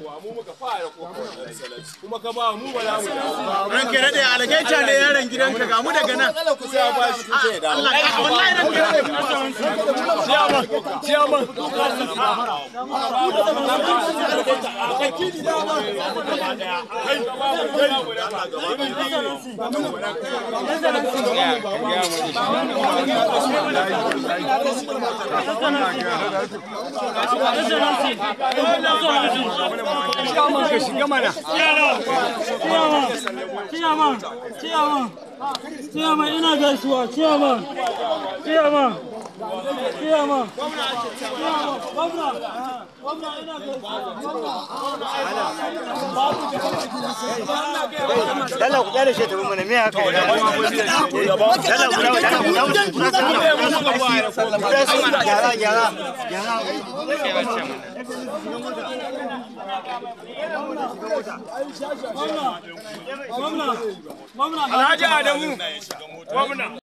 kuwa mu muka fara kokon kuma ka ba mu ba za mu dawo ranka rade algaita ne yaron gidanka ga mu daga nan ku sai ba shi ku sai dawo wallahi ranka rade mu ciyama ciyama Excellency, Chiamano, chiamano. Chiamano. Chiamano. Chiamano. Chiamano ina gaisuwa. Chiamano. Chiamano. Chiamano. Chiamano. Gwamna. Gwamna ina gaisuwa. Dalla ku dare shi tabi mana me haka. Dalla ku dare. Dalla ku dare. gyara gyara Alhaji Adamu, gwamna.